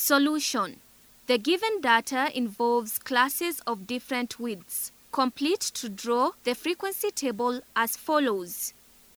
Solution The given data involves classes of different widths. Complete to draw the frequency table as follows.